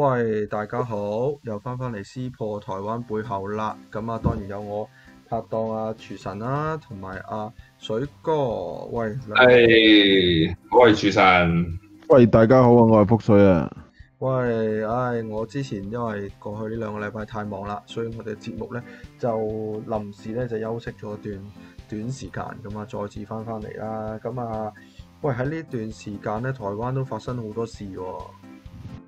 喂，大家好，又翻翻嚟撕破台灣背後啦。咁啊，當然有我拍檔阿、啊、廚神啦、啊，同埋阿水哥。喂，係，我係、哎、廚神。喂，大家好啊，我係福水啊。喂，唉、哎，我之前因為過去呢兩個禮拜太忙啦，所以我哋嘅節目咧就臨時咧就休息咗一段短時間。咁啊，再次翻翻嚟啦。咁啊，喂，喺呢段時間咧，台灣都發生好多事喎。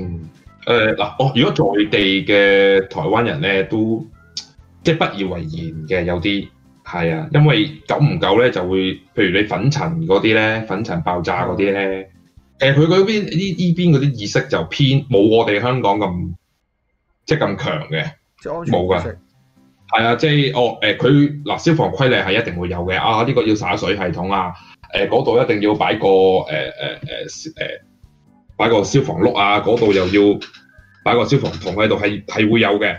嗯誒嗱，我、呃哦、如果在地嘅台灣人咧，都即係不以為然嘅，有啲係啊，因為久唔久咧就會，譬如你粉塵嗰啲咧，粉塵爆炸嗰啲咧，誒、嗯，佢嗰、呃、邊呢呢邊嗰啲意識就偏冇我哋香港咁即係咁強嘅，冇噶，係啊，即係哦誒，佢、呃、嗱、呃、消防規例係一定會有嘅啊，呢、這個要灑水系統啊，誒嗰度一定要擺個誒誒誒誒。呃呃呃呃擺個消防轆啊！嗰度又要擺個消防筒喺度，係係會有嘅，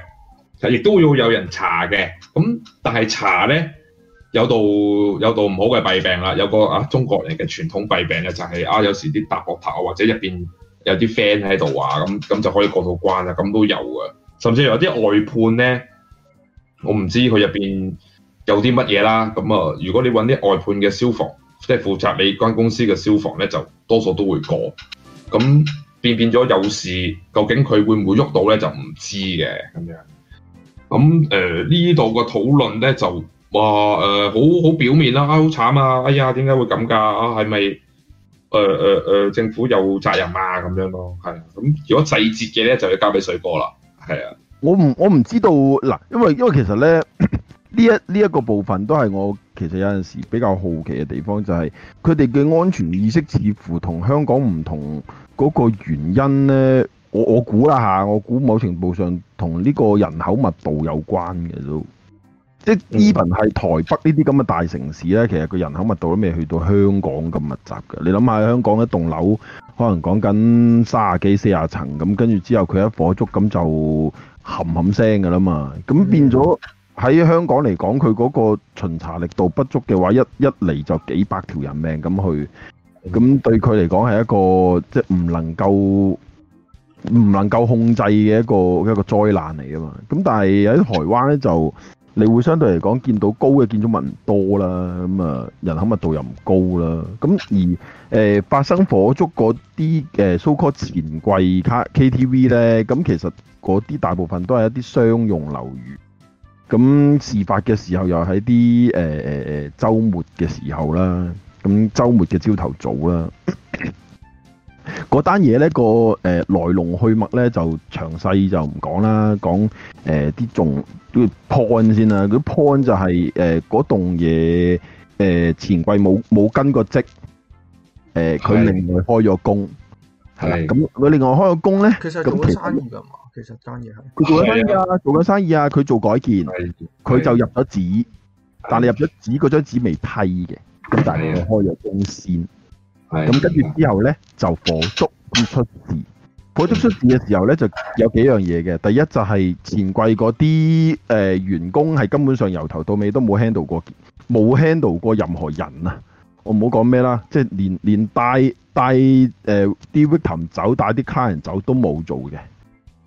亦都要有人查嘅。咁但係查呢，有度有度唔好嘅弊病啦。有個啊，中國人嘅傳統弊病嘅就係啊，有時啲搭膊頭或者入邊有啲 friend 喺度啊，咁咁就可以過到關啊，咁都有嘅。甚至有啲外判呢，我唔知佢入邊有啲乜嘢啦。咁啊，如果你揾啲外判嘅消防，即係負責你間公司嘅消防呢，就多數都會過。咁變變咗有事，究竟佢會唔會喐到呢？就唔知嘅咁樣。咁誒呢度個討論呢，就話誒好好表面啦、啊，好慘啊，哎呀點解會咁㗎啊？係咪誒誒政府有責任啊？咁樣咯，係。咁如果細節嘅呢，就要交俾水哥啦，係啊。我唔我唔知道嗱，因為因為其實咧呢一呢一個部分都係我其實有陣時比較好奇嘅地方，就係佢哋嘅安全意識似乎同香港唔同。嗰個原因呢，我我估啦吓，我估某程度上同呢個人口密度有關嘅都，即係 even 係台北呢啲咁嘅大城市呢。嗯、其實個人口密度都未去到香港咁密集嘅。你諗下，香港一棟樓可能講緊三十幾四十層咁，跟住之後佢一火燭咁就冚冚聲嘅啦嘛。咁變咗喺香港嚟講，佢嗰個巡查力度不足嘅話，一一嚟就幾百條人命咁去。咁對佢嚟講係一個即係唔能夠唔能夠控制嘅一個一個災難嚟啊嘛！咁但係喺台灣咧就你會相對嚟講見到高嘅建築物唔多啦，咁啊人口密度又唔高啦。咁而誒、呃、發生火燭嗰啲嘅 so-called 錢櫃卡 KTV 咧，咁其實嗰啲大部分都係一啲商用樓宇。咁事發嘅時候又喺啲誒誒週末嘅時候啦。咁週末嘅朝頭早啦，嗰單嘢咧個誒、呃、來龍去脈咧就詳細就唔講啦，講誒啲仲 point 先啦。嗰 point 就係誒嗰棟嘢誒前季冇冇跟個職誒，佢、呃、另外開咗工係咁，佢的另外開咗工咧的，其實做緊生意㗎嘛，其實單嘢係佢做緊生意啊，的做緊生意啊，佢做改建，佢的就入咗紙，的但係入咗紙嗰張紙未批嘅。咁但係我開咗公司，咁跟住之後呢，就火燭咁出事，火燭出事嘅時候呢，就有幾樣嘢嘅，第一就係前季嗰啲誒員工係根本上由頭到尾都冇 handle 過，冇 handle 過任何人啊，我唔好講咩啦，即係連連帶帶誒啲 victim 走，帶啲、呃、客人走，客人走都冇做嘅，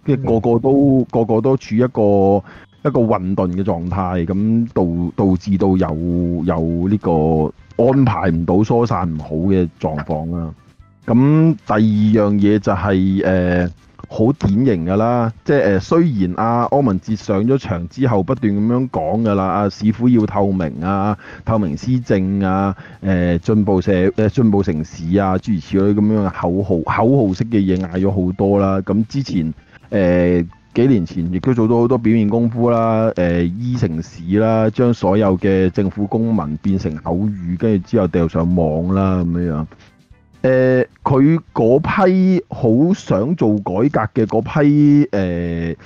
即係個個都的個個都處一個。一個混沌嘅狀態，咁導導致到有有呢個安排唔到疏散唔好嘅狀況啦、啊。咁第二樣嘢就係誒好典型㗎啦，即係誒、呃、雖然阿、啊、柯文哲上咗場之後不斷咁樣講㗎啦，啊市府要透明啊，透明施政啊，誒、呃、進步社誒進步城市啊，諸如此類咁樣嘅口號口號式嘅嘢嗌咗好多啦。咁之前誒。呃幾年前亦都做到好多表面功夫啦，誒依城市啦，將所有嘅政府公民變成口語，跟住之後掉上網啦咁樣。誒、呃，佢嗰批好想做改革嘅嗰批誒、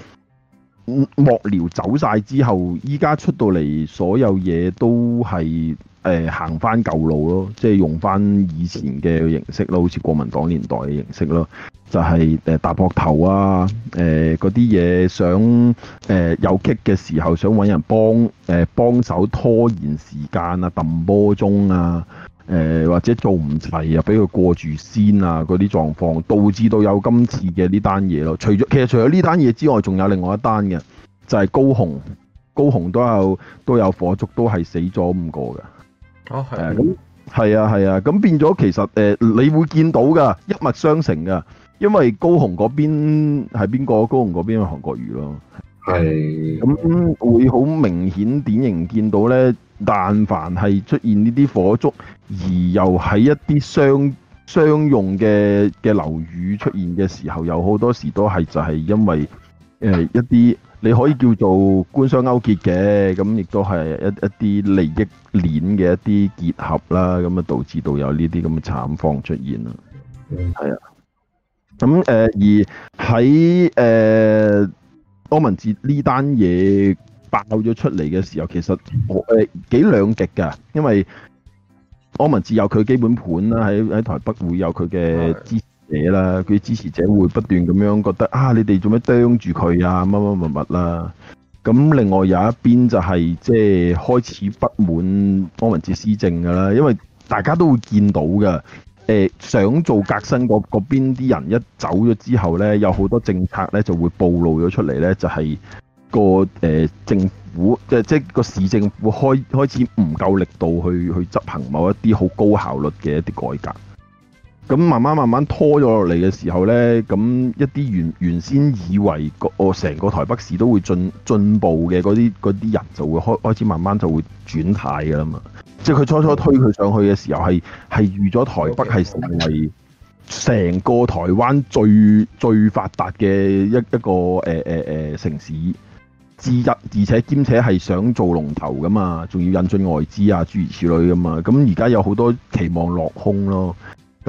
呃、幕僚走晒之後，依家出到嚟所有嘢都係。誒行翻舊路咯，即係用翻以前嘅形式咯，好似國民黨年代嘅形式咯，就係誒搭膊頭啊，誒嗰啲嘢想誒、呃、有棘嘅時候想揾人幫誒、呃、幫手拖延時間啊，揼波鐘啊，誒、呃、或者做唔齊啊，俾佢過住先啊，嗰啲狀況導致到有今次嘅呢單嘢咯。除咗其實除咗呢單嘢之外，仲有另外一單嘅，就係、是、高雄，高雄都有都有火燭，都係死咗五個嘅。哦，係啊，咁係啊，係啊，咁變咗其實誒、呃，你會見到㗎一脈相承㗎，因為高雄嗰邊係邊個？高雄嗰邊係韓國瑜咯，係的，咁會好明顯典型見到呢，但凡係出現呢啲火燭，而又喺一啲商商用嘅嘅樓宇出現嘅時候，有好多時都係就係因為誒、呃、一啲。你可以叫做官商勾結嘅，咁亦都係一一啲利益鏈嘅一啲結合啦，咁啊導致到有呢啲咁嘅慘況出現啦。係啊、嗯，咁誒、呃、而喺誒柯文哲呢單嘢爆咗出嚟嘅時候，其實我誒幾兩極㗎，因為柯文哲有佢基本盤啦，喺喺台北會有佢嘅啦，佢支持者會不斷咁樣覺得啊，你哋做咩釘住佢啊？乜乜乜乜啦。咁另外有一邊就係即係開始不滿柯文哲施政噶啦，因為大家都會見到㗎、呃。想做革新嗰邊啲人一走咗之後呢，有好多政策呢就會暴露咗出嚟呢就係、個、呃、政府，即係個個市政府開,開始唔夠力度去去執行某一啲好高效率嘅一啲改革。咁慢慢慢慢拖咗落嚟嘅時候呢，咁一啲原原先以為個成個台北市都會進進步嘅嗰啲嗰啲人就會開開始慢慢就會轉態噶啦嘛。即係佢初初推佢上去嘅時候係係預咗台北係成為成個台灣最最發達嘅一一個誒誒誒城市之一，而且兼且係想做龍頭噶嘛，仲要引進外資啊，諸如此類噶嘛。咁而家有好多期望落空咯。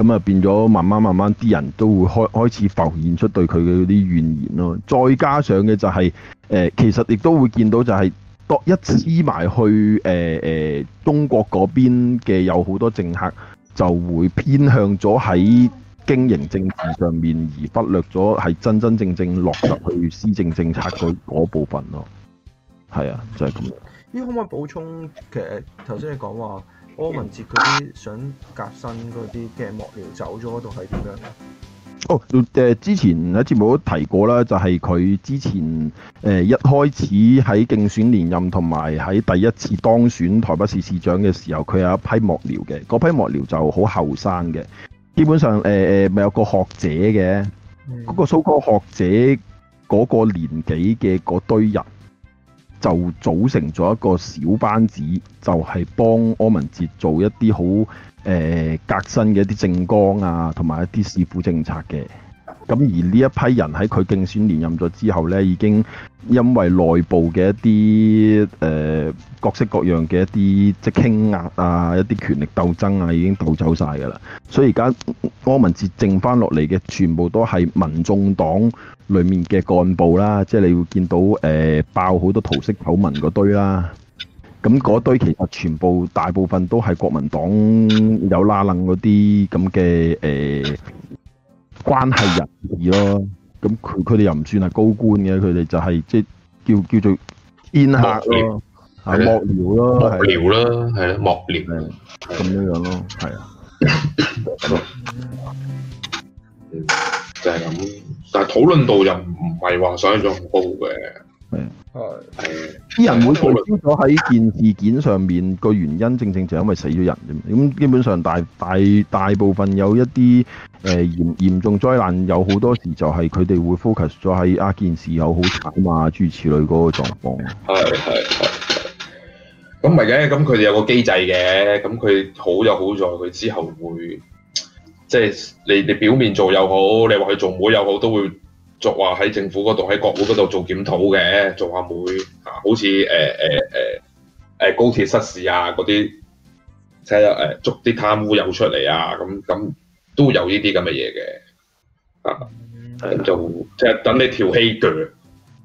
咁啊，變咗慢慢慢慢，啲人都會開開始浮現出對佢嘅嗰啲怨言咯。再加上嘅就係、是、誒、呃、其實亦都會見到就係、是、多一黐埋去誒誒中國嗰邊嘅有好多政客就會偏向咗喺經營政治上面，而忽略咗係真真正正落實去施政政策嗰嗰部分咯。係啊，就係、是、咁。呢。可唔可以補充？其實頭先你講話。柯文哲嗰啲想革新嗰啲嘅幕僚走咗嗰度係點樣？哦，誒、呃、之前喺節目都提過啦，就係、是、佢之前誒、呃、一開始喺競選連任同埋喺第一次當選台北市市長嘅時候，佢有一批幕僚嘅，嗰批幕僚就好後生嘅，基本上誒誒咪有一個學者嘅，嗰、嗯、個蘇哥學者嗰個年紀嘅嗰堆人。就組成咗一個小班子，就係、是、幫柯文哲做一啲好、呃、革新嘅一啲政綱啊，同埋一啲市府政策嘅。咁而呢一批人喺佢競選連任咗之後咧，已經因為內部嘅一啲誒、呃、各式各樣嘅一啲即傾壓啊，一啲權力鬥爭啊，已經鬥走晒㗎啦。所以而家柯文哲剩翻落嚟嘅全部都係民眾黨裏面嘅幹部啦，即係你會見到誒、呃、爆好多桃色醜聞嗰堆啦。咁嗰堆其實全部大部分都係國民黨有拉楞嗰啲咁嘅誒。呃關係人事咯，咁佢佢哋又唔算係高官嘅，佢哋就係即係叫叫做天客咯，係幕僚咯，幕僚啦，係啦，幕僚咁樣樣咯，係啊，的就係咁，但係討論度又唔係話上咗好高嘅。係係啲人會聚焦咗喺件事件上面個原因，是的正正就係因為死咗人啫。咁基本上大，大大大部分有一啲誒嚴嚴重災難，有好多時就係佢哋會 focus 咗喺啊件事又好慘啊，諸、啊、如此類嗰個狀況。係係係，咁唔係嘅，咁佢哋有個機制嘅，咁佢好就好在，佢之後會即係、就是、你你表面做又好，你話佢做唔好又好，都會。俗話喺政府嗰度，喺國會嗰度做檢討嘅，做下會嚇、啊，好似誒誒誒誒高鐵失事啊嗰啲，睇下誒捉啲貪污友出嚟啊咁，咁都有呢啲咁嘅嘢嘅，啊，就即係等你條氣鋸，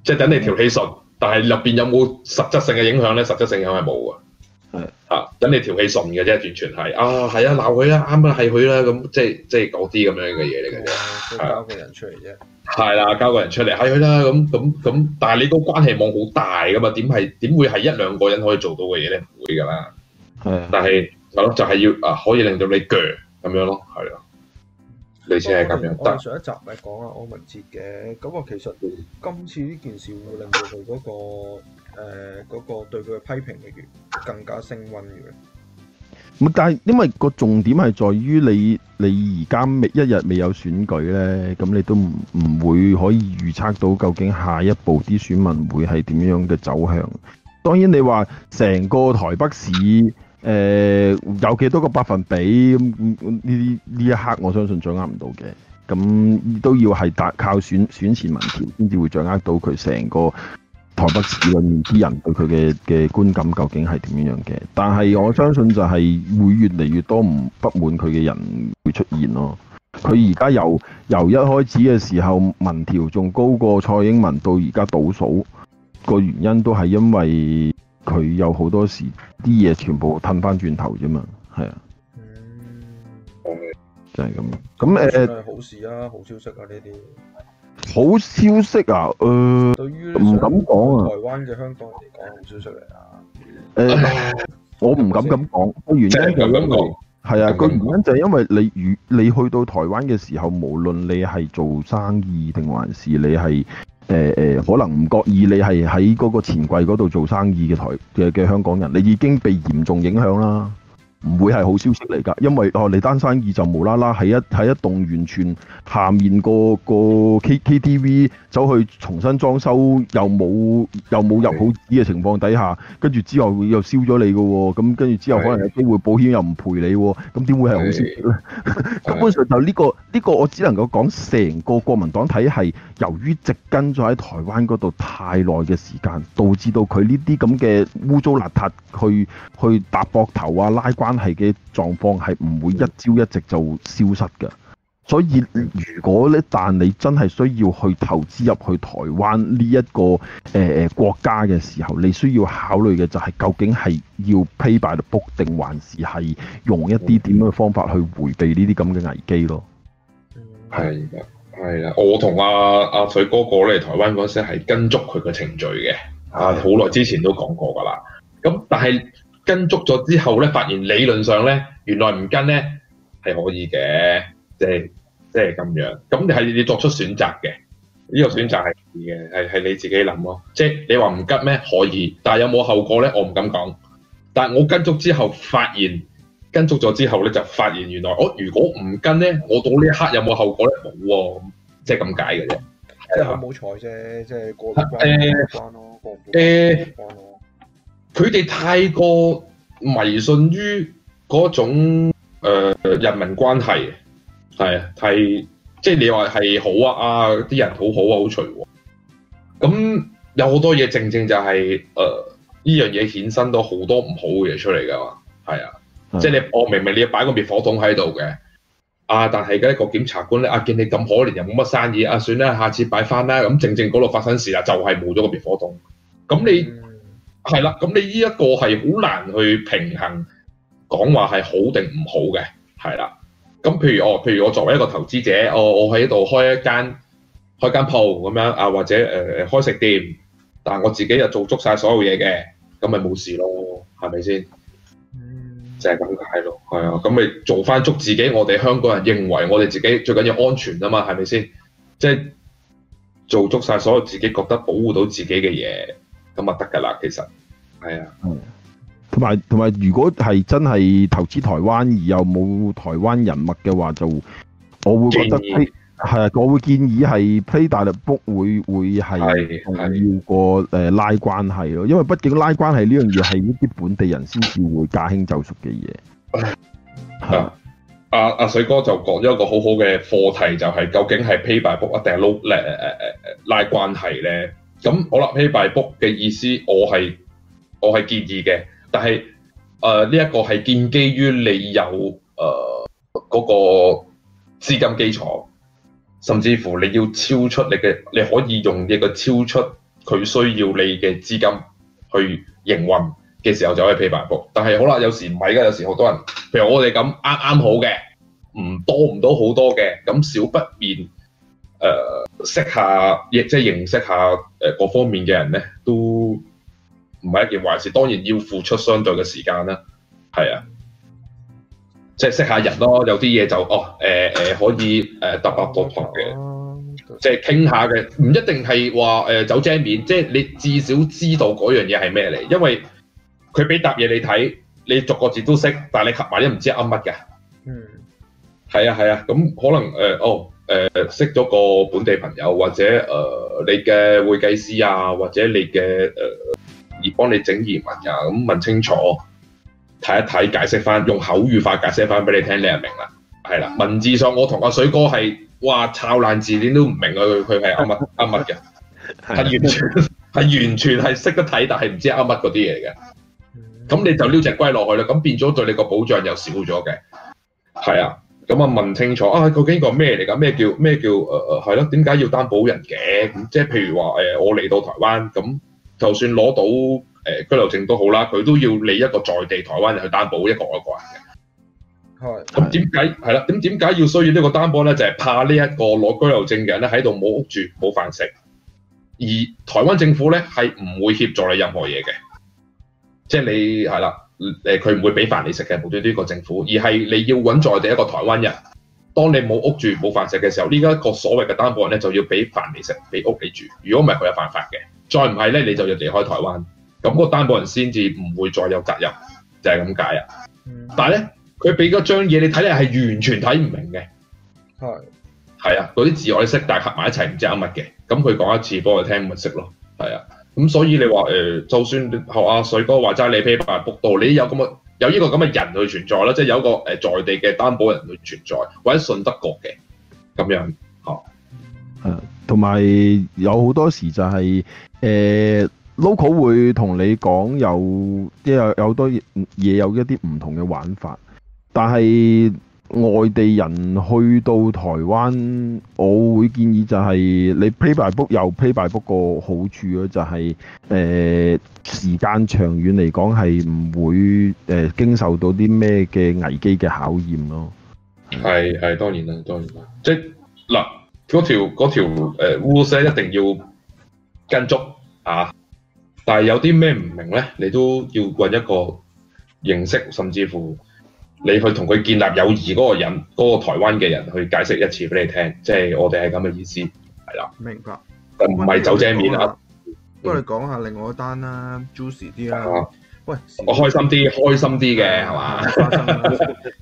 即係等你條氣順，但係入邊有冇實質性嘅影響咧？實質性影響係冇嘅。吓，咁你調氣順嘅啫，完全係啊，係啊，鬧佢啦，啱啱係佢啦，咁即係即係嗰啲咁樣嘅嘢嚟嘅啫，啊，交個人出嚟啫，係啦，交個人出嚟，係佢啦，咁咁咁，但係你個關係網好大噶嘛，點係點會係一兩個人可以做到嘅嘢咧？唔會噶啦，係，但係係咯，就係、是、要啊，可以令到你鋸咁樣咯，係啊，你似係咁樣。但係上一集咪講啊，安文哲嘅，咁啊，其實今次呢件事會令到佢嗰、那個。誒，嗰、呃那個對佢嘅批評嘅越更加升温嘅。咁但係因為個重點係在於你，你而家未一日未有選舉呢，咁你都唔會可以預測到究竟下一步啲選民會係點樣嘅走向。當然你話成個台北市誒、呃、有幾多個百分比呢呢？呢一刻我相信掌握唔到嘅。咁都要係達靠選選前民調先至會掌握到佢成個，台北市裏面啲人對佢嘅嘅觀感究竟係點樣樣嘅？但係我相信就係會越嚟越多唔不滿佢嘅人會出現咯。佢而家由由一開始嘅時候民調仲高過蔡英文，到而家倒數個原因都係因為佢有好多時啲嘢全部褪翻轉頭啫嘛。係啊，嗯，就係咁。咁誒，好事啊，好消息啊，呢啲。好消息啊，誒、呃，唔敢講啊。對於台灣嘅香港人講好消息嚟啊。誒， 我唔敢咁講個原因就咁講，係啊，個原因就係因為你如你去到台灣嘅時候，無論你係做生意定還是你係誒誒，可能唔覺意你係喺嗰個錢櫃嗰度做生意嘅台嘅嘅香港人，你已經被嚴重影響啦。唔會係好消息嚟㗎，因為哦，你單生意就無啦啦喺一喺一棟完全下面個個 K K T V 走去重新裝修又，又冇又冇入好資嘅情況底下，跟住 Okay. 之後又燒咗你㗎喎、哦，咁跟住之後可能有機會保險又唔賠你喎、哦，咁點會係好消息咧？Okay. 根本上就呢、這個呢、這個我只能夠講成個國民黨體系，由於植根咗喺台灣嗰度太耐嘅時間，導致到佢呢啲咁嘅污糟邋遢去去搭膊頭啊拉關。係嘅狀況係唔會一朝一夕就消失嘅，所以如果咧，但你真係需要去投資入去台灣呢一個誒誒國家嘅時候，你需要考慮嘅就係究竟係要 pay by the book 定，還是係用一啲點樣嘅方法去回避呢啲咁嘅危機咯？係啦，係啦，我同阿阿水哥過嚟台灣嗰陣時係跟足佢嘅程序嘅，的啊，好耐之前都講過噶啦，咁但係，跟足咗之後咧，發現理論上咧，原來唔跟咧係可以嘅，即係即係咁樣。咁係你，你作出選擇嘅，呢個選擇係嘅，係係你自己諗咯。即係你話唔跟咩？可以，但係有冇後果咧？我唔敢講。但係我跟足之後發現，跟足咗之後咧就發現，原來我、哦、如果唔跟咧，我到呢一刻有冇後果咧？冇喎，即係咁解嘅啫。即係好彩啫，即係是、就是、過唔關佢哋太過迷信於嗰種、呃、人民關係，係啊，係即係你話係好啊，啲人好好啊，好隨喎、啊。咁有好多嘢正正就係誒呢樣嘢衍生到好多唔好嘅嘢出嚟㗎嘛，係啊，嗯、即係你我明明你要擺個滅火筒喺度嘅，啊，但係而家個檢察官咧啊，見你咁可憐又冇乜生意啊，算啦，下次擺翻啦。咁正正嗰度發生事啦，就係冇咗個滅火筒，咁你。嗯係啦，咁你呢一個係好難去平衡講話係好定唔好嘅，係啦。咁譬如哦，譬如我作為一個投資者，哦、我我喺度開一間開間鋪咁樣啊，或者誒、呃、開食店，但係我自己又做足晒所有嘢嘅，咁咪冇事咯，係咪先？就係咁解咯，係啊。咁咪做翻足自己，我哋香港人認為我哋自己最緊要安全啊嘛，係咪先？即係做足晒所有自己覺得保護到自己嘅嘢。咁啊得㗎啦，其實係啊，同埋同埋，如果係真係投資台灣而又冇台灣人脈嘅話，就我會覺得係議啊，我會建議係 play by the book 會會係重要個誒、呃、拉關係咯，因為畢竟拉關係呢樣嘢係呢啲本地人先至會駕輕就熟嘅嘢。係啊，阿阿、啊啊、水哥就講咗一個好好嘅課題，就係、是、究竟係 play by the book 一定係拉關係咧？咁好啦，批白 book 嘅意思我，我係我係建議嘅，但係誒呢一個係建基於你有誒嗰、呃嗰個資金基礎，甚至乎你要超出你嘅，你可以用一個超出佢需要你嘅資金去營運嘅時候就可以批白 book。但係好啦，有時唔係㗎，有時好多人，譬如我哋咁啱啱好嘅，唔多唔到好多嘅，咁少不免。誒、呃、識下亦即係認識下誒、呃、各方面嘅人咧，都唔係一件壞事。當然要付出相對嘅時間啦。係啊，即、就、係、是、識下人咯。有啲嘢就哦誒誒、呃呃、可以誒搭搭個堂嘅，即係傾下嘅。唔、uh, 一,一定係話誒走精面，即、就、係、是、你至少知道嗰樣嘢係咩嚟。因為佢俾答嘢你睇，你逐個字都識，但係你合埋一唔知噏乜嘅。嗯，係啊係啊，咁、啊、可能誒、呃、哦。誒、呃、識咗個本地朋友，或者誒、呃、你嘅會計師啊，或者你嘅誒而幫你整移民啊，咁問清楚，睇一睇解釋翻，用口語化解釋翻俾你聽，你就明啦。係啦，文字上我同阿水哥係，哇抄爛字典都唔明啊，佢佢係啱乜啱乜嘅，係完全係 完全係識得睇，但係唔知啱乜嗰啲嘢嘅。咁、嗯、你就撩隻龜落去啦，咁變咗對你個保障又少咗嘅，係啊。咁啊，問清楚啊，究竟個咩嚟㗎？咩叫咩叫？誒係咯，點解要擔保人嘅？咁即係譬如話、呃、我嚟到台灣咁，就算攞到誒、呃、居留證都好啦，佢都要你一個在地台灣人去擔保一個外國人嘅。咁點解係啦？咁點解要需要呢個擔保咧？就係怕呢一個攞居留證嘅人咧喺度冇屋住、冇飯食，而台灣政府咧係唔會協助你任何嘢嘅。即係你係啦。誒佢唔會俾飯你食嘅，冇咗呢個政府，而係你要揾在地一個台灣人。當你冇屋住，冇飯食嘅時候，呢個一個所謂嘅擔保人咧就要俾飯你食，俾屋你住。如果唔係，佢有犯法嘅。再唔係咧，你就要離開台灣。咁個擔保人先至唔會再有責任，就係咁解啊。嗯、但係咧，佢俾嗰張嘢，你睇嚟係完全睇唔明嘅。係係啊，嗰啲字我識，但係合埋一齊唔知啱乜嘅。咁佢講一次，幫我聽，我，咪識咯。係啊。咁、嗯、所以你話誒、呃，就算學阿水哥話齋你 PayPal 度你有咁嘅有依個咁嘅人去存在啦，即係有一個在地嘅擔保人去存在，或者信德國嘅咁樣，哦、啊，係，同埋有好多時就係誒 local 會同你講有啲有好多嘢有一啲唔同嘅玩法，但係。外地人去到台灣，我會建議就係你 play by book 又 play by book 個好處咯，就係，就係誒時間長遠嚟講係唔會誒、呃、經受到啲咩嘅危機嘅考驗咯。係，係。當然啦，當然啦。當然即嗱嗰條嗰條誒 w s 一定要跟足啊！但係有啲咩唔明咧，你都要揾一個形式，甚至乎。你去同佢建立友誼嗰個人，嗰個台灣嘅人去解釋一次俾你聽，即係我哋係咁嘅意思，係啦。明白。唔係走遮面啊。不如講下另外一單啦，juicy 啲啦。喂，我開心啲，開心啲嘅係嘛？花生。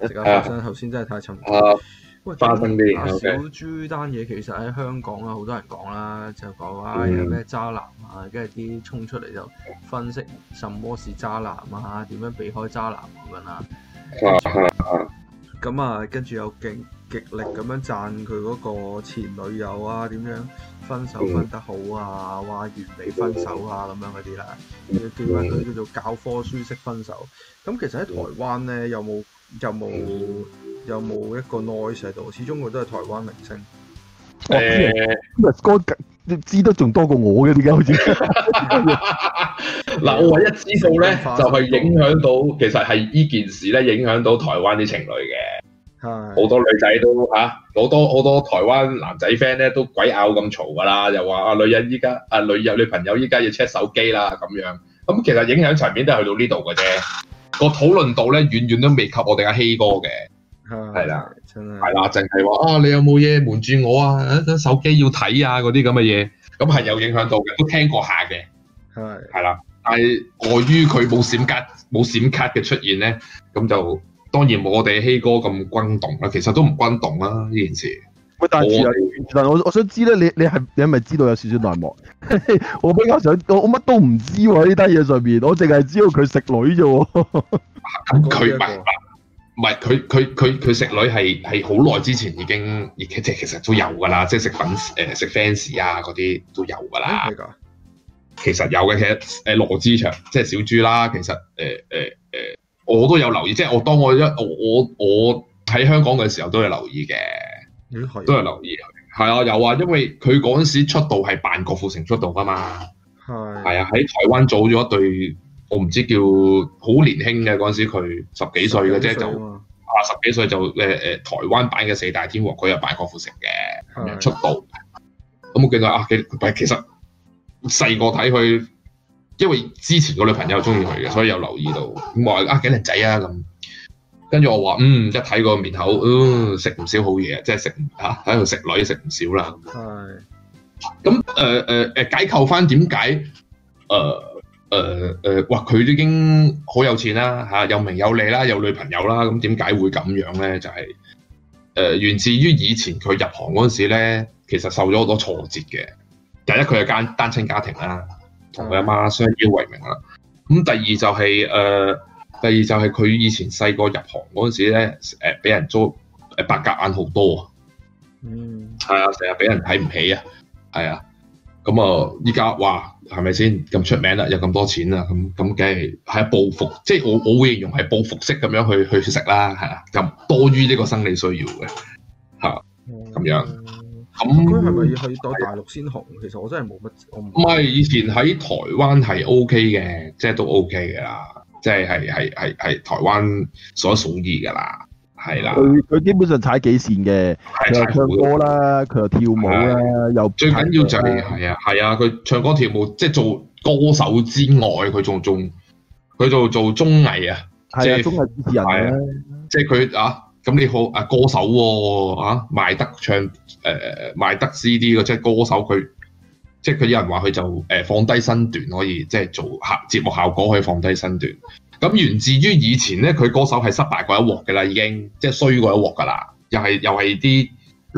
食下花生。頭先真係太沉。喂，花生啲。小豬單嘢其實喺香港啦，好多人講啦，就講話有咩渣男啊，跟住啲衝出嚟就分析什麼是渣男啊，點樣避開渣男咁樣啦。咁啊，跟住、 嗯、又極極力咁樣讚佢嗰個前女友啊，點樣分手分得好啊，話完美分手啊，咁樣嗰啲啦，叫佢叫做教科書式分手。咁其實喺台灣呢，有冇有冇有冇一個 noise 喺度？始終佢都係台灣明星。誒，阿哥、哦知，欸、知，知得仲多過我嘅，點解好似。嗱、 啊，我唯一知道咧，就係、是、影響到，其實係依件事咧，影響到台灣啲情侶嘅。係的。好多女仔都吓，好、啊、多好多台灣男仔 friend 咧都鬼拗咁嘈㗎啦，又話啊女人依家啊女友女朋友依家要 check 手機啦咁樣。咁、啊、其實影響層面都係去到呢度嘅啫，那個討論度咧遠遠都未及我哋阿希哥嘅。係啦，係啦，淨係話啊，你有冇嘢瞞住我啊？手機要睇啊，嗰啲咁嘅嘢，咁係有影響到嘅，都聽過下嘅，係係啦，但係礙於佢冇閃卡，冇閃卡嘅出現咧，咁就當然冇我哋希哥咁轟動啦，其實都唔轟動啦、啊，呢件事。喂是，們但但係我我想知咧，你你係你係咪知道有少少內幕？ 我比較想，我乜都唔知喎，呢單嘢上面，我淨係知道佢、啊、食女啫。咁 佢問。唔係，佢佢佢佢食女係係好耐之前已經，而其即係其實都有㗎啦，即係食、呃、食粉誒食 fans 啊嗰啲都有㗎啦、呢個。其實有嘅，其實誒羅志祥即係小豬啦，其實誒誒誒，我都有留意，即係我當我一我我喺香港嘅時候都有留意嘅，嗯、的都係留意，係啊有啊，因為佢嗰陣時出道係扮郭富城出道㗎嘛，係係啊喺台灣組咗一對。我唔知道叫好年輕嘅嗰陣時，佢十幾歲嘅啫，啊就啊十幾歲就誒誒、呃、台灣版嘅四大天王，佢又扮郭富城嘅出道。咁的我見到啊，其但係其實細個睇佢，因為之前個女朋友中意佢嘅，所以有留意到。咁、啊啊、我話啊幾靚仔啊咁，跟住我話嗯一睇個面口，食、嗯、唔少好嘢，即係食啊喺度食女食唔少啦。咁誒誒誒解構返點解誒？呃誒誒、呃呃，哇！佢已經好有錢啦，嚇、啊、有名有利啦，有女朋友啦，咁點解會咁樣咧？就係、是、誒、呃，源自於以前佢入行嗰陣時咧，其實受咗好多挫折嘅。第一，佢係間單親家庭啦、啊，同佢阿媽相依為命啦、啊。咁第二就係誒，第二就係、是、佢、呃、以前細個入行嗰陣時咧，誒、啊、俾人租誒白格眼好多，嗯，係啊，成日俾人睇唔起啊，係啊。咁啊！依家哇，係咪先咁出名啦？有咁多錢啦？咁咁梗係係報復，即係我我會形容係報復式咁樣去去食啦，係啊，就多於呢個生理需要嘅吓，咁樣。咁佢係咪要去到大陸先紅？是其實我真係冇乜，我唔係以前喺台灣係 OK 嘅，即係都 OK 嘅啦，即係係係係台灣數一數二嘅啦。係啦，佢佢基本上踩幾線嘅，佢唱歌啦，佢又跳舞啦，又最緊要就係係啊係啊，佢唱歌跳舞即係做歌手之外，佢仲仲佢做做綜藝啊，即係綜藝主持人咧，即係佢啊咁你好啊歌手啊，賣得唱，誒賣得 CD 嘅，即係歌手，佢即係佢，有人話佢就，誒放低身段，可以即係做效節目效果，可以放低身段。咁源自於以前咧，佢歌手係失敗過一鑊㗎啦，已經即係衰過一鑊噶啦，又係又係啲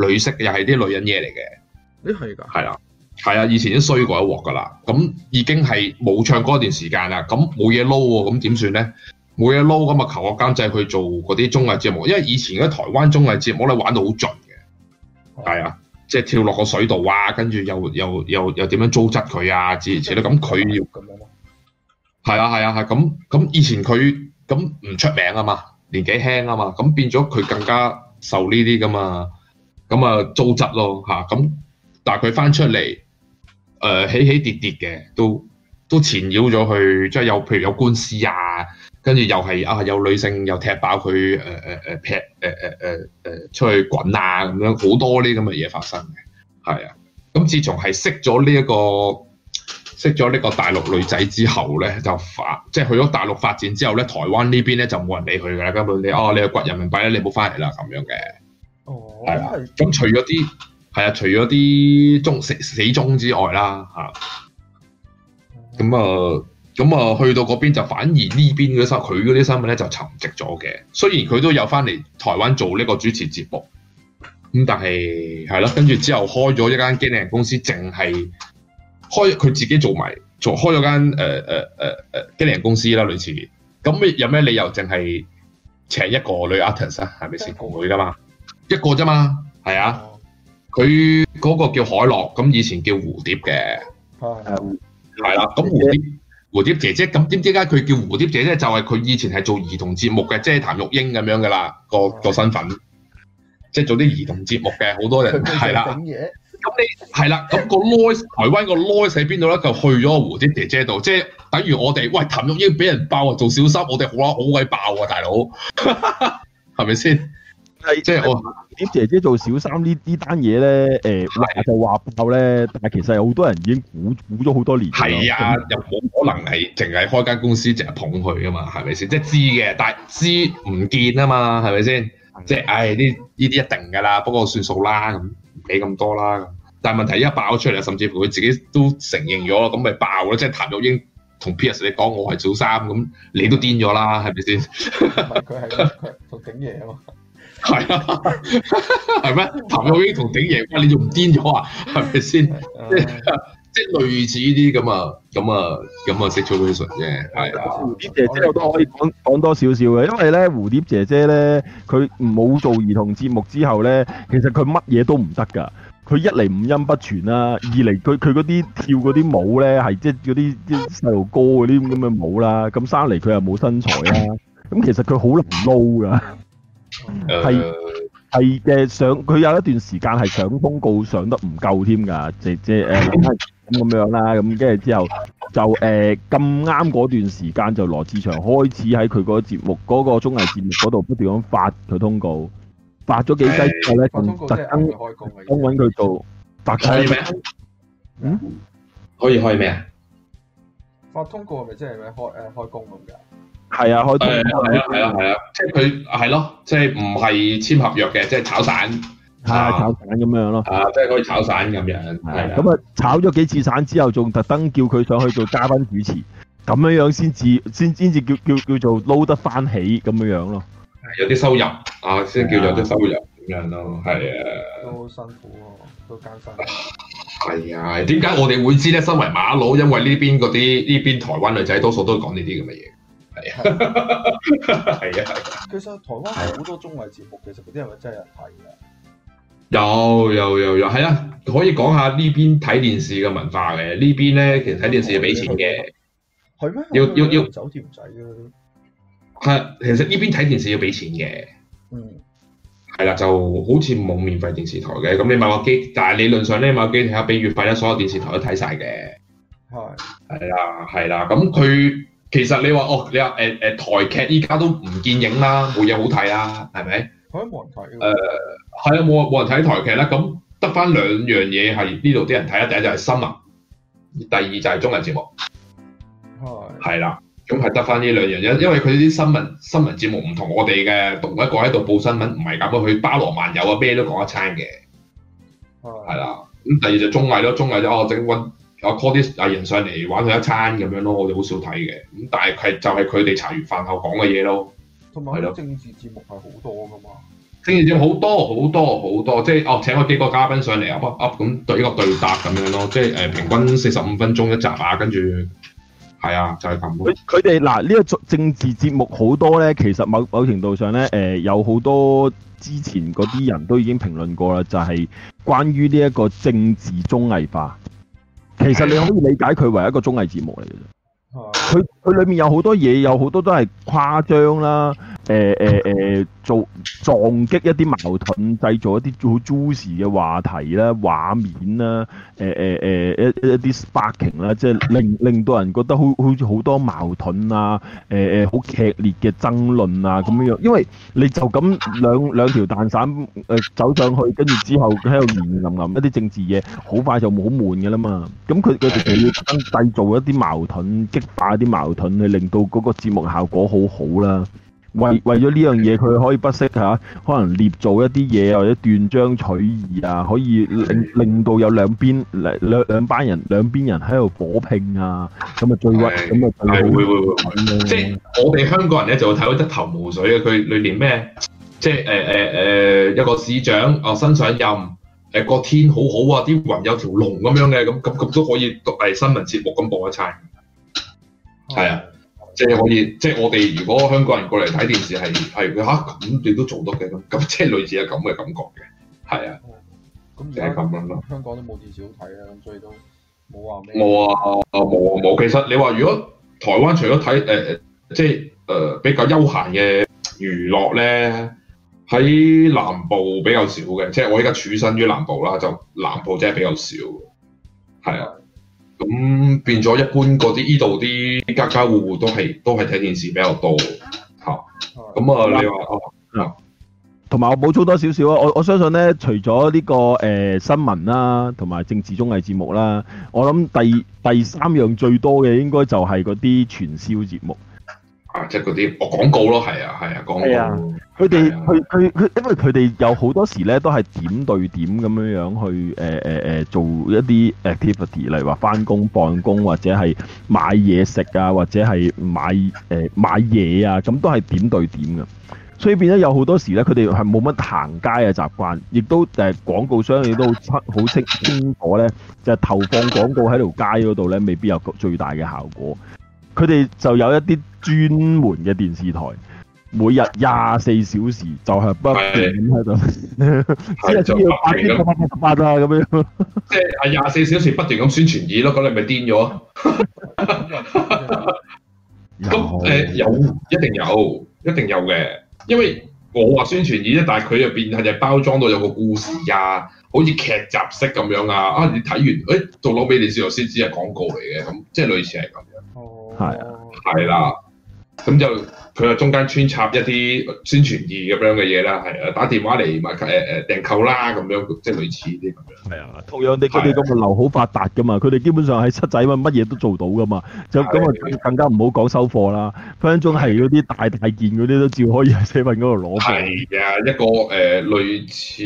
女色，又係啲女人嘢嚟嘅。咦係㗎？係啊，係啊，以前已經衰過一鑊噶啦，咁、嗯、已經係冇唱嗰段時間啦，咁冇嘢撈喎，咁點算咧？冇嘢撈咁啊，求我監製去做嗰啲綜藝節目，因為以前嗰啲台灣綜藝節目咧玩到好盡嘅，係、哦、啊，即係跳落個水度啊，跟住又又又又點樣糟質佢啊，諸如此類，咁佢要。係啊，係啊，係咁咁以前佢咁唔出名啊嘛，年紀輕啊嘛，咁變咗佢更加受呢啲㗎嘛，咁啊糟質咯嚇，咁但係佢翻出嚟，誒起起跌跌嘅，都都纏繞咗佢，即係有譬如有官司啊，跟住又係啊有女性又踢爆佢誒誒誒劈誒出去滾啊咁樣，好多呢咁嘅嘢發生嘅，係啊，咁自從係識咗呢一個。識咗呢個大陸女仔之後咧，就發即係去咗大陸發展之後咧，台灣呢邊咧就冇人理佢嘅，根本你哦，你係掘人民幣咧，你冇翻嚟啦咁樣嘅，哦，係啦的。咁的除咗啲係啊，除咗啲中死死忠之外啦嚇，咁啊咁啊，去到嗰邊就反而呢邊嗰啲新佢啲新聞咧就沉寂咗嘅。雖然佢都有翻嚟台灣做呢個主持節目，咁但係係咯，跟住之後開咗一間經理人公司，淨係。開佢自己做埋，做開咗間誒誒經理人公司啦，類似。咁有咩理由淨係請一個女 artist 啊？係咪先？佢噶 嘛，一個啫嘛，係啊。佢嗰、哦、個叫海樂，咁以前叫蝴蝶嘅，係、哦嗯、啊，蝴、嗯、蝶，蝴蝶姐姐。咁點解佢叫蝴蝶姐姐？就係佢以前係做兒童節目嘅，即、就、係、是、譚玉英咁樣噶啦，哦、個身份，即係、哦、做啲兒童節目嘅，好多人係啦。咁 你係啦，咁個 noise 台灣個 noise 喺邊度咧？就去咗胡蝶姐姐度，即係等於我哋喂譚玉英俾人爆啊，做小三，我哋好啦，好鬼爆啊，大佬，係咪先？係即係我蝴蝶姐姐做小三呢呢單嘢咧，誒、呃、的就話爆咧，但係其實好多人已經估估咗好多年。係啊的，又冇這樣 可能係淨係開間公司淨係捧佢噶嘛？係咪先？即係知嘅，但係知唔見啊嘛？係咪先？的即係唉，呢呢啲一定噶啦，不過算數啦咁。俾咁多啦，但問題一爆出嚟，甚至乎佢自己都承認咗，咁咪爆咯！即係譚玉英同 Pius 你講我係小三，咁你都癲咗啦，係咪先？佢係同鼎爺啊嘛，係啊，係咩？譚玉英同鼎爺，啊，哇！你仲唔癲咗啊？係咪先？ 即係類似呢啲咁啊，咁啊，咁啊，solution 啫，係啦。蝴蝶姐姐我都可以講講多少少嘅，因為咧蝴蝶姐姐咧，佢冇做兒童節目之後咧，其實佢乜嘢都唔得㗎。佢一嚟五音不全啦，二嚟佢佢嗰啲跳嗰啲舞咧係即係嗰啲啲細路哥嗰啲咁嘅舞啦。咁三嚟佢又冇身材啦。咁其實佢好難撈㗎，係係嘅上佢有一段時間係搶通告上得唔夠添㗎，姐姐誒。咁咁樣啦，咁跟住之後就誒咁啱嗰段時間就羅志祥開始喺佢個節目嗰個綜藝節目嗰度不斷咁發佢通告，發咗幾劑之後呢，就特登揾佢做發開咩？嗯，可以開咩？發通告咪即係咩開工咁㗎？係啊，開通係啊係啊係啊，即係佢係囉，即係唔係簽合約嘅，即係炒散。啊啊、炒散咁樣樣咯，啊，即、就、係、是、可以炒散咁樣，係咁啊，啊炒咗幾次散之後，仲特登叫佢上去做嘉賓主持，咁樣樣先至先先至叫叫叫做撈得翻起咁樣樣咯。有啲收入啊，先叫有啲收入咁、啊、樣咯，係啊。都辛苦啊，都艱辛。係啊、 哎，點解我哋會知咧？身為馬佬，因為呢邊嗰啲呢邊台灣女仔多數都講呢啲咁嘅嘢。係啊，係啊，係、 啊。其實台灣好多綜藝節目，其實嗰啲係咪真係人睇？有有有有，係啦，可以講下呢邊睇電視嘅文化嘅。這邊呢邊咧，其實睇電視俾錢嘅，嗯嗯嗯、要俾錢嘅。係咩？要酒店要要，走條仔嘅。係，其實呢邊睇電視要俾錢嘅。嗯。係啦，就好似冇免費電視台嘅。咁你買個機，但係理論上咧買個機睇下俾月費咧，所有電視台都睇晒嘅。係、嗯。係啦，係啦。咁佢其實你話哦，你話誒誒台劇依家都唔見影啦，冇嘢好睇啦，係咪？誒係、呃、啊，冇冇人睇台劇啦，咁得返兩樣嘢係呢度啲人睇啊，第一就係新聞，第二就係綜藝節目。哦的，係啦，咁係得返呢兩樣嘢，因為佢啲新聞新聞節目唔同我哋嘅，同一個喺度報新聞，唔係咁啊，去包羅萬有啊，咩都講一餐嘅。哦的，係啦，咁第二就綜藝咯，綜藝就是、哦整揾我 call 啲藝人上嚟玩佢一餐咁樣咯，我哋好少睇嘅。咁但係係就係佢哋茶餘飯後講嘅嘢咯。同埋喺咯，政治節目係好多噶嘛？政治節目好多好多好多，即係哦請咗幾個嘉賓上嚟啊噏噏咁對呢、這個對答咁樣咯，即係誒、呃、平均四十五分鐘一集啊，跟住係啊就係咁佢哋嗱呢一個政治節目好多咧，其實某某程度上咧誒、呃、有好多之前嗰啲人都已經評論過啦，就係、是、關於呢一個政治綜藝化，其實你可以理解佢為一個綜藝節目嚟嘅啫。佢佢裏面有好多嘢，有好多都係誇張啦。誒誒、呃呃、做撞擊一啲矛盾，製造一啲好 juicy 嘅話題啦、畫面啦、誒誒誒一一啲 sparking 啦，即係令令到人覺得好好似好多矛盾啊！誒、呃、好劇烈嘅爭論啊咁樣，因為你就咁兩兩條蛋散、呃、走上去，跟住之後喺度雨淋淋一啲政治嘢，好快就冇好悶㗎啦嘛。咁佢佢哋就要製造一啲矛盾，激化一啲矛盾，去令到嗰個節目效果好好啦。為為咗呢樣嘢，佢可以不惜，嚇，可能捏造一啲嘢，或者斷章取義啊，可以令，令到有兩邊兩兩班人兩邊人喺度火拼啊，咁啊最屈，咁啊係會會即係我哋香港人咧就會睇到一頭霧水啊！佢裏面咩？即係誒誒誒一個市長啊、哦、新上任，誒、呃、個天好好啊，啲雲有條龍咁樣嘅，咁咁咁都可以讀係新聞節目咁播一餐，係啊、哦。即係可以，即、就、係、是、我哋如果香港人過嚟睇電視係係佢嚇咁，啊、你都做得嘅咁，即係類似係咁嘅感覺嘅，係啊，嗯、就係咁樣咯。香港都冇電視好睇啊，咁所以都冇話咩。冇啊，沒啊冇冇，其實你話如果台灣除咗睇誒，即係、呃、誒比較休閒嘅娛樂咧，喺南部比較少嘅，即係我而家處身於南部啦，就南部真係比較少的，係啊。咁變咗一般嗰啲依度啲家家戶戶都係都係睇電視比較多嚇，咁啊，那啊你話哦，同埋我補充多少少啊，我我相信咧，除咗呢個誒新聞啦，同埋政治綜藝節目啦，我諗第第三樣最多嘅應該就係嗰啲傳銷節目。即係嗰啲廣告咯，係啊，係啊，廣告。佢哋佢佢因為佢哋有好多時咧，都係點對點咁樣樣去誒誒誒做一啲 activity，例如話返工、放工，或者係買嘢食啊，或者係買誒、呃、買嘢啊，咁都係點對點嘅。所以變咗有好多時咧，佢哋係冇乜行街嘅習慣，亦都誒廣、呃、告商亦都好出好識因果咧，就係投放廣告喺條街嗰度咧，未必有最大嘅效果。佢哋就有一啲。專門嘅電視台，每日廿四小時就係不斷喺度，一要咁樣即係廿四小時不斷咁宣傳意咯。咁你咪癲咗？咁的 有，、嗯呃、有一定有，一定有嘅，因為我話宣傳意啫，但係佢入邊係就包裝到有個故事啊，好似劇集式咁樣啊。啊，你睇完誒做老味電視台先知係廣告嚟嘅，咁即係類似係咁樣。哦，係啊的，係啦、嗯。咁就佢就中間穿插一啲宣傳意咁樣嘅嘢啦，係啊，打電話嚟買誒誒、呃呃、訂購啦，咁樣即係類似啲咁樣。係啊，同樣啲佢哋咁嘅流好發達噶嘛，佢哋、啊、基本上喺七仔乜乜嘢都做到噶嘛，啊、就咁啊更加唔好講收貨啦。分分鐘係嗰啲大大件嗰啲都照可以喺 seven 嗰度攞。係啊，一個誒、呃、類似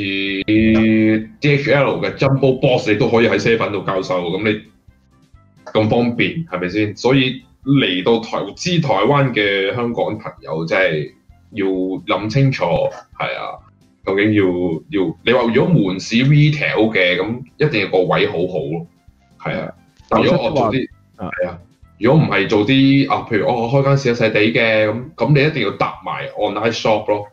DHL 嘅 Jumbo box 你都可以喺 seven 度交收，咁你咁方便係咪先？所以。嚟到投資台灣嘅香港朋友，即係要諗清楚，係啊，究竟要要你話如果門市 retail 嘅，咁一定要個位好好咯，係啊。如果我做啲係、嗯、啊，啊嗯、如果唔係做啲啊，譬如我、哦、開一間小細地嘅，咁咁你一定要搭埋 online shop 咯，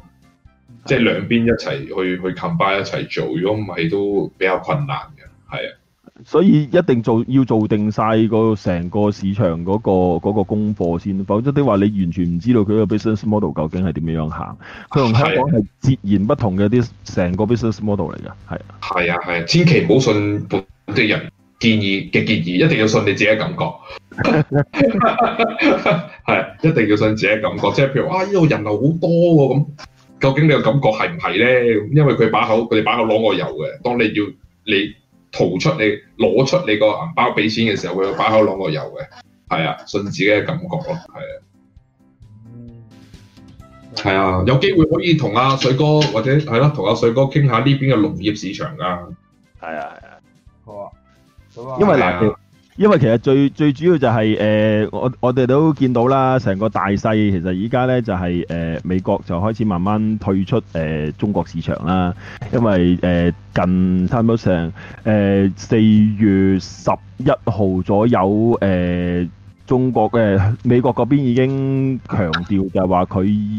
即係、啊、兩邊一齊去去 combine 一齊做，如果唔係都比較困難嘅，係啊。所以一定做要做定晒個成個市場嗰、那個、那個功課先，否則的話你完全唔知道佢個 business model 究竟係點樣行。佢同、啊、香港係截然不同嘅啲成個 business model 嚟噶，係、啊。係啊係啊，千祈唔好信本地人建議嘅建議，一定要信你自己嘅感覺。係、 啊，一定要信自己嘅感覺。即係譬如啊，依、哎、度人流好多喎咁，究竟你嘅感覺係唔係咧？因為佢把口，佢哋把口攞我油嘅，當你要你。掏出你攞出你個銀包俾錢嘅時候，會有把口攞個油嘅，係啊，信自己嘅感覺咯，係啊，係啊，有機會可以同阿水哥或者係咯，同阿水哥傾下呢邊嘅農業市場㗎，係啊，係啊，好啊，因為、啊是因為其實最最主要就係、是、誒、呃、我我哋都見到啦，成個大勢其實而家咧就係、是、誒、呃、美國就開始慢慢退出誒、呃、中國市場啦，因為誒、呃、近差唔多成四、呃、月十一號左右誒。呃中國嘅美國嗰邊已經強調就係話佢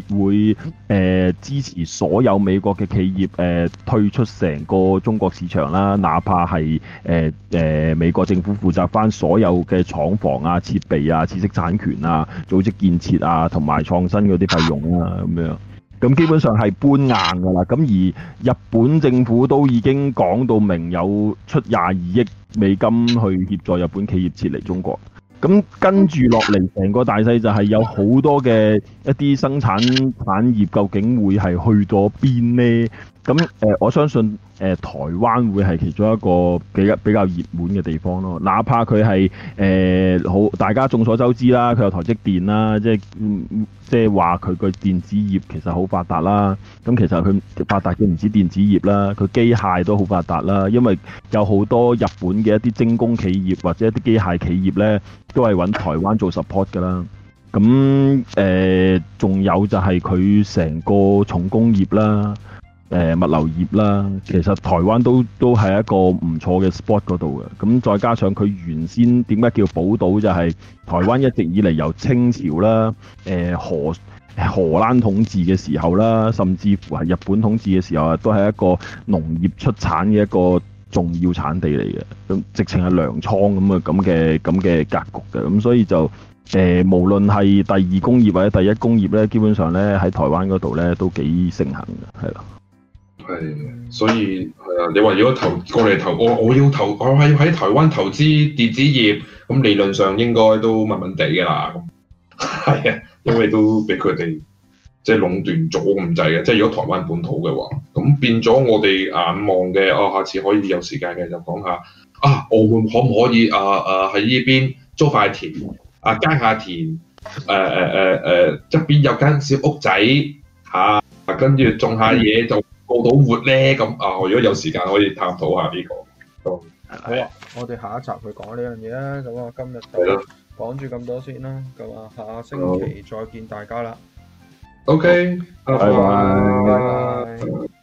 會誒、呃、支持所有美國嘅企業誒呃、退出成個中國市場啦，哪怕係誒誒美國政府負責返所有嘅廠房啊、設備啊、知識產權啊、組織建設啊同埋創新嗰啲費用啊，咁樣咁基本上係搬硬噶啦。咁而日本政府都已經講到明有出廿二億美金去協助日本企業撤離中國。咁跟住落嚟，成個大細就係有好多嘅。一啲生產產業究竟會係去咗邊呢？咁、呃、我相信誒、呃、台灣會係其中一個比較比較熱門嘅地方咯。哪怕佢係誒好，大家眾所周知啦，佢有台積電啦，即係即係話佢個電子業其實好發達啦。咁其實佢發達嘅唔止電子業啦，佢機械都好發達啦。因為有好多日本嘅一啲精工企業或者一啲機械企業咧，都係揾台灣做 support 噶啦。咁，誒，仲有就係佢成個重工業啦，誒，物流業啦，其實台灣都都係一個唔錯嘅 spot 嗰度嘅。咁再加上佢原先點解叫寶島，就係台灣一直以嚟，由清朝啦，誒，荷荷蘭統治嘅時候啦，甚至乎係日本統治嘅時候啊，都係一個農業出產嘅一個重要產地嚟嘅，咁直情係糧倉咁嘅咁嘅咁嘅格局嘅，咁所以就。誒，無論係第二工業或者第一工業咧，基本上咧喺台灣嗰度咧都幾盛行嘅，係啦。係，所以係啊。你話如果投過嚟投，我我要投，我係要喺台灣投資電子業，咁理論上應該都問問地㗎啦。係啊，的因為都俾佢哋即係壟斷咗咁滯嘅。即係如果台灣本土嘅話，咁變咗我哋眼望嘅我、哦、下次可以有時間嘅就講下啊，澳門可唔可以啊啊喺呢邊租塊田？啊耕下田，誒誒誒誒，側、呃呃呃、邊有間小屋仔嚇、啊啊，跟住種下嘢就過到活咧咁啊！我如果有時間可以探討下呢、呢個，好啊！我哋下一集去講呢樣嘢啦。咁啊，今日係咯，講住咁多先啦，咁啊，下星期再見大家啦。Hello . OK，拜拜好。